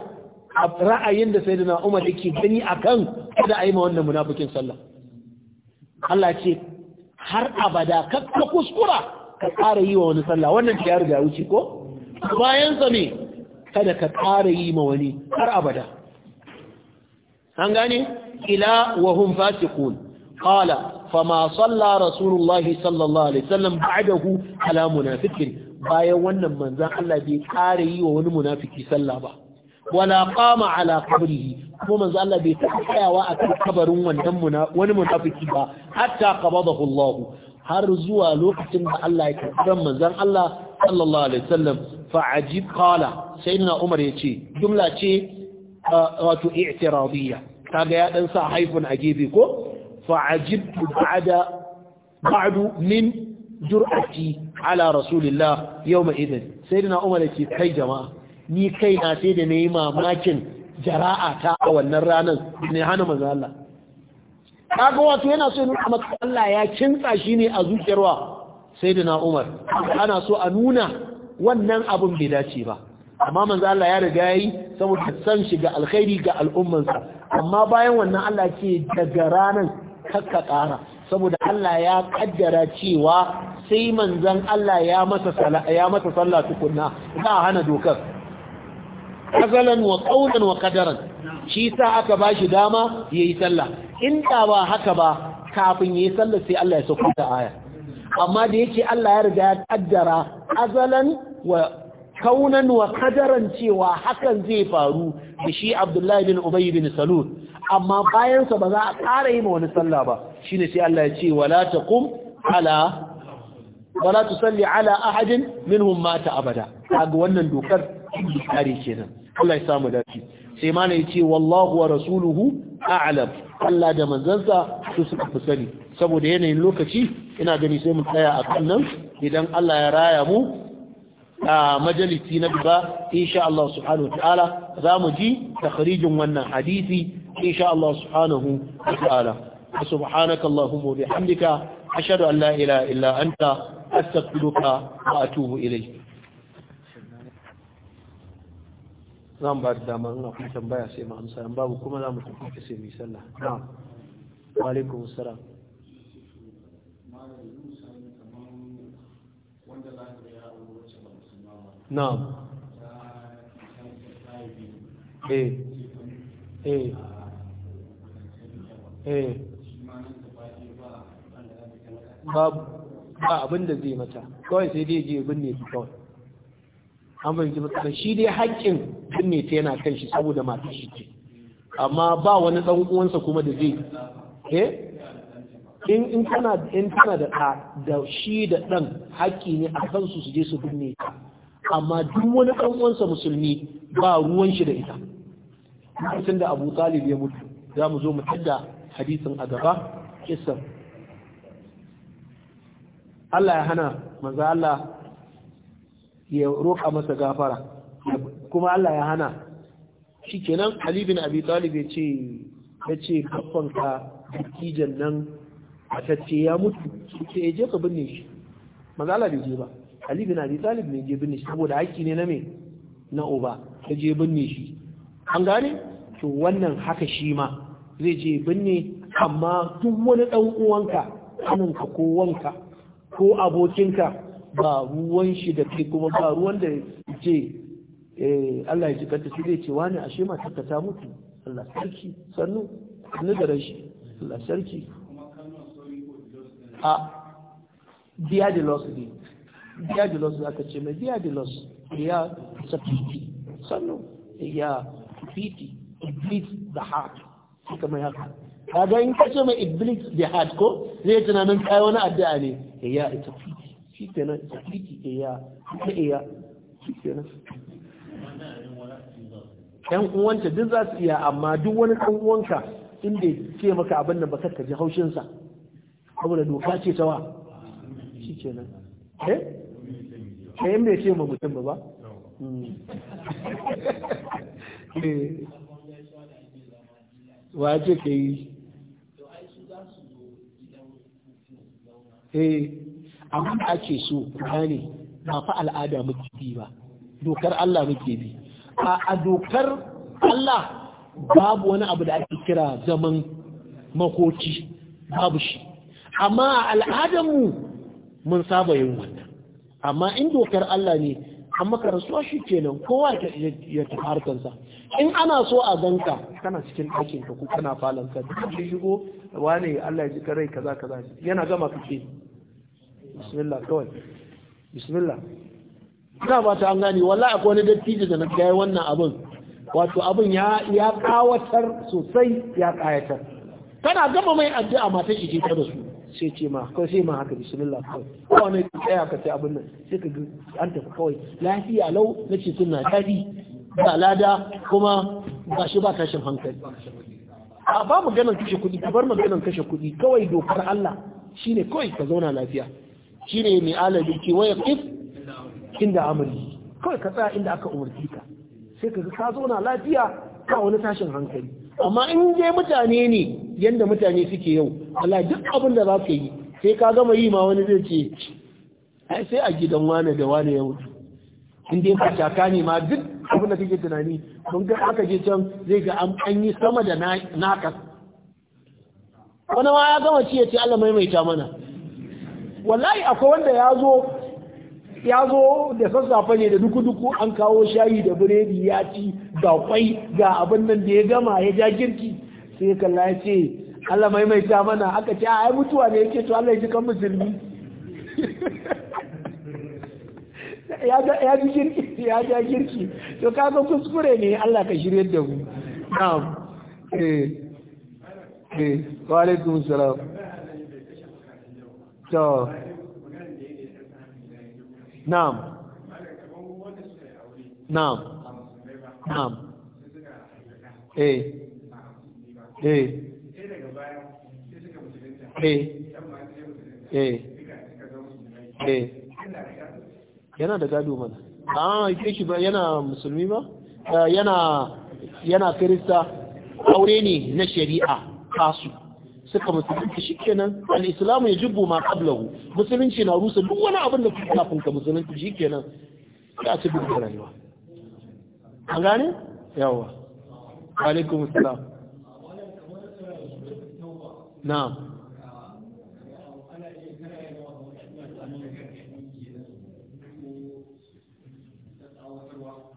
Speaker 1: ra'ayin da sayyidina Umar yake gani akan kada ayi ma wannan munafikin sallah Allah ce har abada ka kuskura ka ƙara yi wa wani sallah wannan ta da wuce ko bayan sa ne kada ka ƙara yi ma wani har abada an gane ila wa hum fasiqun qala fama salla rasulullahi sallallahu alaihi da hu! ala munafikin. bayan wannan manzon Allah bai ƙara yi wa wani munafiki sallah ba wala qama ala qabrihi kuma manzo Allah bai taɓa tsayawa a kan kabarin wannan wani munafiki ba hatta qabadahu Allah har zuwa lokacin da Allah ya karɓi manzon Allah sallallahu alaihi wasallam fa ajib qala sayyidina Umar yace jumla ce wato i'tiradiyya kaga ya dan sa haifun a gefe ko fa ajibtu ba'da ba'du min jur'ati ala rasulillah yawma idin sayyidina Umar yace kai jama'a ni kai na sai da na yi mamakin jara'a ta a wannan ranar ne hana maza Allah kaga wato yana so nuna maka Allah ya kinsa shi ne a zuciyarwa sayyidina Umar ana so a nuna wannan abun bai dace ba amma manzo Allah ya riga yi saboda san shi ga alkhairi ga al'ummansa amma bayan wannan Allah ce daga ranan kakka ƙara saboda Allah ya kaddara cewa sai manzon Allah ya masa ya masa sallah tukunna za hana dokar azalan wa qawlan wa qadaran shi sa aka bashi dama yayi sallah in da ba haka ba kafin yayi sallah sai Allah ya sauka da aya amma da yake Allah ya riga ya kaddara azalan wa kaunan wa kadaran cewa hakan zai faru da shi Abdullahi bin Ubay bin Salul amma bayansa ba za a ƙara yi wani sallah ba shine sai Allah ya ce wala kum ala wala tusalli ala ahadin minhum mata abada kaga wannan dokar kare kenan Allah ya samu dace sai ma ne yace wallahu wa rasuluhu a'lam Allah da manzansa su suka fi sani saboda yanayin lokaci ina gani sai mu tsaya a kan nan idan Allah ya raya mu a majalisi na gaba insha Allah subhanahu wataala za mu ji takhrijin wannan hadisi insha Allah subhanahu wataala subhanaka allahumma wa bihamdika ashhadu an la ilaha illa anta astaghfiruka wa zan ba da dama in akwai tambaya sai mu amsa in babu kuma za mu tafi ka sai mai sallah na'am wa alaikum assalam
Speaker 2: na'am eh eh eh ba
Speaker 1: abinda zai mata kawai sai dai je binne su kawai an fahimci matsalar shi dai haƙƙin duk ne ta yana kan shi saboda matar shi ce amma ba wani ɗan uwansa kuma da zai ke eh? in tana in da da shi da ɗan haƙƙi ne a kansu su je su binne ta amma duk wani ɗan uwansa musulmi ba ruwan shi da ita lokacin da Abu Talib ya mutu za mu zo mu tada hadisin a gaba kisan Allah ya hana manzo Allah ya roƙa masa gafara kuma Allah ya hana shikenan Ali bin Abi Talib yace yace kafanka dattijan nan a tacce ya mutu sai ya eh, je ka binne shi maza bai je ba Ali bin Abi Talib ne je binne shi saboda haƙƙi ne na me na uba ta je binne shi an gane to wannan haka shi ma zai je binne amma duk wani ɗan uwanka ka ko wanka ko abokinka ba ruwan shi da kai kuma ba ruwan da ce eh, Allah ya jikanta shi zai ce wani ashe matarka ta mutu Allah sarki sannu na da rashi Allah sarki a biya da loss ne biya da loss aka ce mai biya da loss biya safiti sannu ya fiti iblis da heart suka mai haka kaga in kace mai iblis da heart ko zai tunanin kai wani addu'a ne ya ita fiti shi kenan sakiki iya ta iya shi nan yan uwanta duk za su iya amma duk wani ɗan uwanka inda ce maka abin da baka kaji haushinsa saboda doka ce ta wa shi nan eh eh me ce ma mutum ba ba hmm. *laughs* eh. wa ce ka yi eh abin da ake so kuma ne ba fa al'ada muke bi ba dokar Allah muke bi a dokar Allah babu wani abu da ake kira zaman makoci babu shi amma al'adarmu mun saba yin wannan amma in dokar Allah ne an maka rasuwa shi kenan kowa ya tafi in ana so a ganka kana cikin ɗakin ka ko kana falon ka shi shigo wane Allah ya ji karai kaza kaza yana gama kake bismillah kawai bismillah ina ba ta an gani wallahi akwai wani dattijo da na kai wannan abin wato abin ya ya kawatar sosai ya kayatar kana gama mai addu'a matan ije ta da su sai ce ma kawai sai ma haka bismillah kawai kawai ne ki tsaya ka ce abin nan sai ka an tafi kawai lafiya lau na ce suna tafi ba lada kuma ba shi ba tashin hankali a ba ganin kashe kuɗi ka bar mu ganin kashe kuɗi kawai dokar Allah shine kawai ka zauna lafiya shine mai alabi ke waya kif inda amri kawai ka tsaya inda aka umarci ka sai ka ka zauna lafiya ka wani tashin hankali amma in je mutane ne yadda mutane suke yau Allah duk abin da za ka yi sai ka gama yi ma wani zai ce ai sai a gidan wane da wane ya mutu in dai ka shaka ne ma duk abin da kake tunani don ga aka je can zai ga an yi sama da naka wani ma ya gama ci ya ce Allah maimaita mana wallahi akwai wanda ya zo ya zo da sassafe ne da duku-duku an kawo shayi da biredi ya ci ga kwai ga abin nan da ya gama ya ja girki sai ya kalla ya ce Allah maimaita mana aka ce ai mutuwa ne yake to Allah ya ji kan musulmi *laughs* ya ji girki ya ja girki to kaga kuskure ne Allah ka shirye da mu na'am eh eh wa alaikum salam so na'am
Speaker 2: na'am na'am eh eh eh eh eh, eh.
Speaker 1: yana da gado mana ah yake shi ba yana musulmi ba eh, yana yana kirista aure ne na shari'a kasu suka musulunci shikenan al-islamu yajibu ma qablahu musulunci na rusa duk wani abin da kuka kafin ka musulunci shikenan ya ci duk rayuwa an gane yawa wa alaikum assalam na'am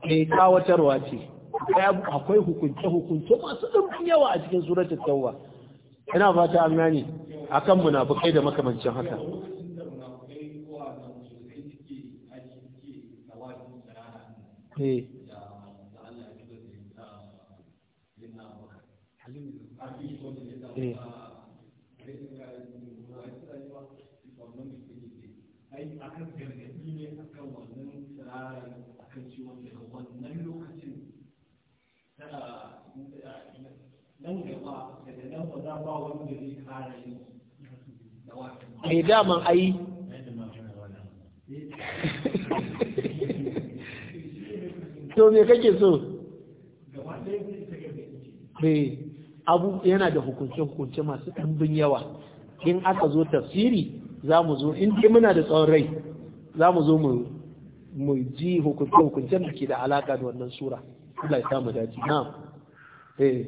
Speaker 1: mai eh, kawatarwa ce akwai hukunce-hukunce masu ɗumbin yawa a cikin suratul tawwa ina ba ta amani
Speaker 2: akan munafukai da makamancin haka eh, eh. mai eh, daman ai to me
Speaker 1: kake so eh, abu yana da hukunce-hukunce masu ɗanbin yawa in aka zo tafsiri za mu zo in muna da tsawon rai za mu zo mu ji hukunce-hukuncen da ke da alaƙa da wannan sura Allah ya samu daji na eh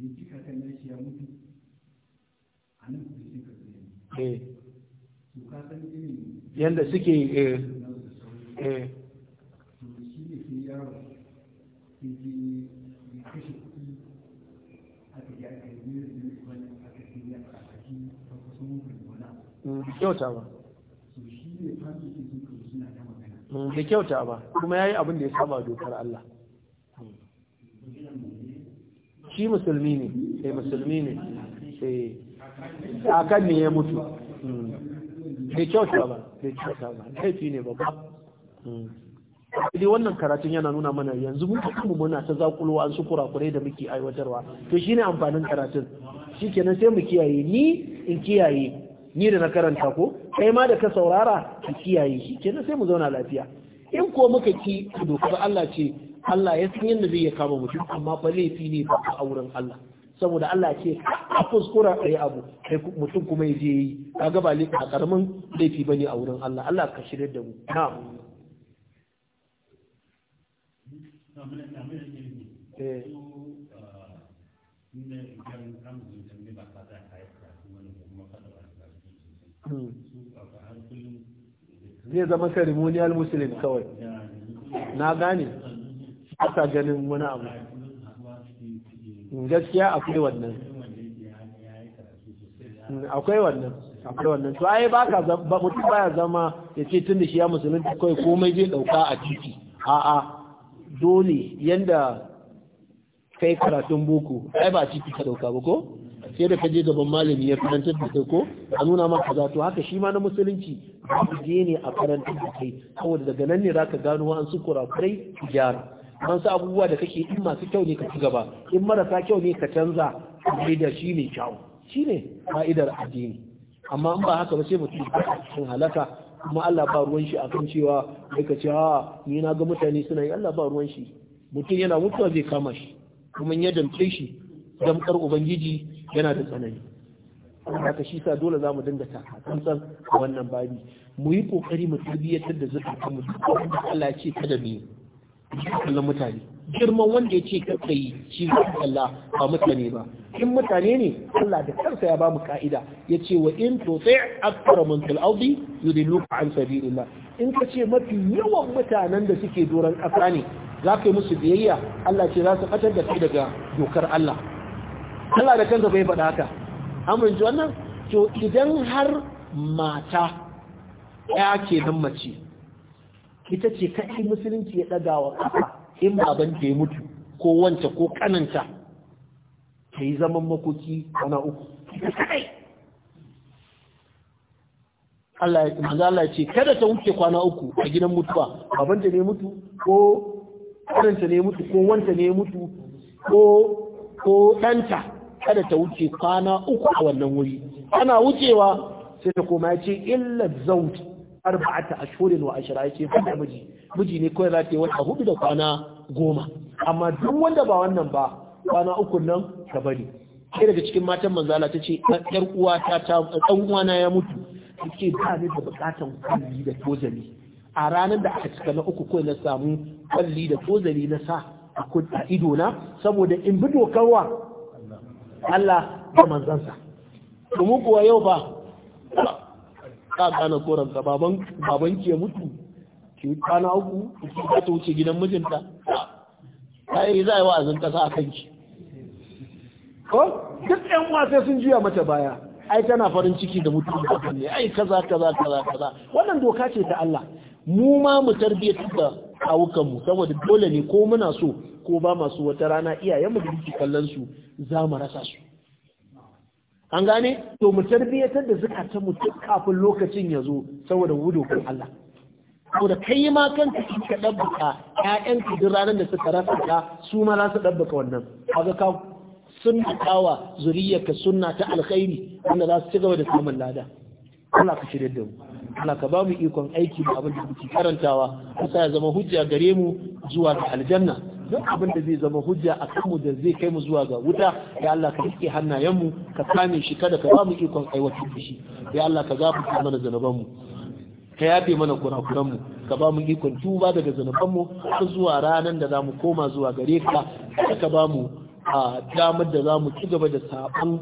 Speaker 2: ya ya mutu a nan kuma shi ka eh. ka san yanda suke eh, eh. shi ne yaro kashe kuɗi yi a mm, kyauta ba shi ne suna da magana
Speaker 1: da mm, kyauta ba kuma ya yi abin da ya saba dokar Allah shi musulmi ne sai eh, musulmi ne sai eh, akan ne ya mutu hmm. bai kyauta ba bai kyauta ba laifi ne ba ne hmm. wannan karatun yana nuna mana yanzu mun kuma muna ta zakulwa an su kurakurai da muke aiwatarwa to shine amfanin karatun kenan sai mu kiyaye ni in kiyaye ni da na karanta ko kai ma da ka saurara ka kiyaye shikenan sai mu zauna lafiya in ko muka ki doka Allah ce Allah ya san yadda zai ya kama mutum amma ba laifi ne ba a auren Allah saboda Allah ce a kuskura a yi abu kai mutum kuma ya je yi kaga ba laifi a karamin laifi bane a wurin Allah Allah ka shirya da mu na.
Speaker 2: Eh. Hmm.
Speaker 1: zai zama ceremonial muslim kawai na gane aka ganin wani abu gaskiya akwai wannan akwai wannan akwai wannan to ai baka ba mutum baya zama ya ce tun da shi ya musulunta kai komai zai dauka a titi a'a dole yanda kai karatun boko ai ba ciki ka dauka ba ko sai da ka je gaban malami ya karantar da kai ko a nuna maka za to haka shi ma na musulunci je ne a karantar da kai saboda daga nan ne zaka gano an su kurakurai gyara an abubuwa da kake in masu kyau ne ka ci gaba in marasa kyau ne ka canza mai da shi ne kyau shi ne fa'idar addini amma in ba haka ba sai mutum ba cikin halaka kuma Allah ba ruwan shi akan cewa kai ka ce a ah, ni na ga mutane suna yi Allah ba ruwan shi mutum yana mutuwa zai kama shi kuma ya damce shi damkar ubangiji yana da tsanani haka shi sa dole za mu dinga takatsantsan a wannan babi mu yi kokari mu tarbiyyatar da zukatan mu duk wanda Allah ya ce kada mu yi kallon mutane girman wanda ya ce karka yi shi a kalla ba mutane ba in mutane ne Allah da kansa ya bamu ka'ida ya ce wa in tuti akthara min yi da nufa an sabilillah in ka ce mafi yawan mutanen da suke doron ƙasa ne za ka yi musu biyayya Allah ce za su ɓatar da kai daga dokar Allah Allah da kansa bai faɗa haka amurin ji wannan to idan har mata ya ke nan mace ita ce kaɗai musulunci ya ɗaga wa ƙafa in baban ta ya mutu ko wanta ko kananta ta yi zaman makoki ana uku Allah ya ce kada ta wuce kwana uku a gidan mutuwa babanta ne mutu ko karanta ne mutu ko wanta ne mutu ko ko ɗanta kada ta wuce kwana uku a wannan wuri ana wucewa sai ta koma ce illar zauti arba'ata ashhurin wa ashra yace miji miji ne kawai za wata hudu da kwana goma amma duk wanda ba wannan ba kwana uku nan ka bari sai daga cikin matan manzala ta ce 'yar uwa ta ɗan uwana ya mutu take ba ni da bukatan kwalli da tozali a ranar da aka cika na uku kawai na samu kwalli da tozali na sa a ido na saboda in bi dokarwa Allah da manzansa. Domin kuwa yau ba ka gane koranta baban baban ki ya mutu ki kana uku ki ka ta wuce gidan mijinta kai za a yi wa'azin kasa a kanki ko duk ƴan wasa sun juya mata baya ai tana farin ciki da mutum da ne ai kaza kaza kaza kaza wannan doka ce ta Allah mu ma mu tarbiyyar da kawukan mu saboda dole ne ko muna so ko ba masu wata rana iyayen mu da kallon su za mu rasa su an gane to mu tarbiyyatar da zukatan mu duk kafin lokacin ya zo saboda wudu kan Allah saboda kai ma kanka in ka dabbaka ƴaƴan duk ranar da suka rasa ka su ma za su dabbaka wannan kaga ka sunna kawa zuriyarka sunna ta alkhairi wanda za su ci gaba da samun lada Allah ka shirye da mu Allah ka ba mu ikon aiki da abin da muke karantawa kusa ya zama hujja gare mu zuwa ga aljanna duk abin da zai zama hujja a kanmu da zai kai mu zuwa ga wuta ya Allah ka rike mu ka kame shi kada ka ba mu ikon aiwatar da shi ya Allah ka gafarta mana mu, ka yafe mana kurakuran mu, ka ba mu ikon tuba daga mu har zuwa ranar da za mu koma zuwa gare ka ka ba mu a damar da za mu ci gaba da saban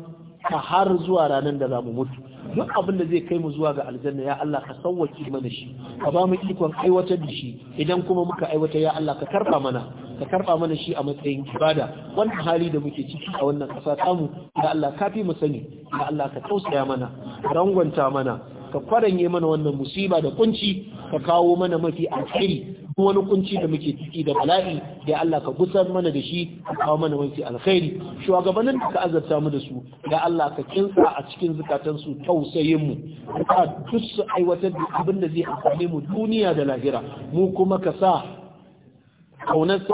Speaker 1: ka har zuwa ranar da za mu mutu duk abin da zai kai mu zuwa ga aljanna ya Allah ka sauwaki mana shi ka ba mu ikon aiwatar da shi idan kuma muka aiwata ya Allah ka karba mana ka karba mana shi a matsayin ibada wannan hali da muke ciki a wannan kasa tamu ya Allah ka fi mu sani ya Allah ka tausaya mana ka rangwanta mana ka kwaranye mana wannan musiba da kunci ka kawo mana mafi alkhairi duk wani kunci da muke ciki da bala'i da Allah ka gusar mana da shi ka kawo mana mafi alkhairi shugabannin da ka azabta mu da su ya Allah ka kinsa a cikin zukatan su tausayin mu ka duk aiwatar da abin da zai amfane mu duniya da lahira mu kuma ka sa kaunar su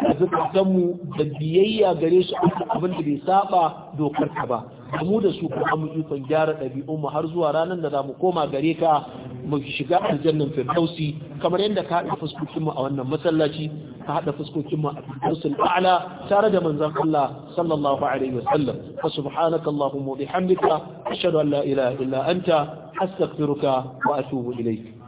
Speaker 1: a mu da biyayya gare shi abin da bai saba dokar ka ba da mu da su kuma mu ikon gyara ɗabi'un mu har zuwa ranar da za mu koma gare ka mu shiga aljannan firdausi kamar yadda ka haɗa fuskokin mu a wannan masallaci ka haɗa fuskokin mu a firdausul a'la tare da manzon Allah sallallahu alaihi wasallam fa subhanaka allahumma wa bihamdika ashhadu an la ilaha illa anta astaghfiruka wa atubu ilayk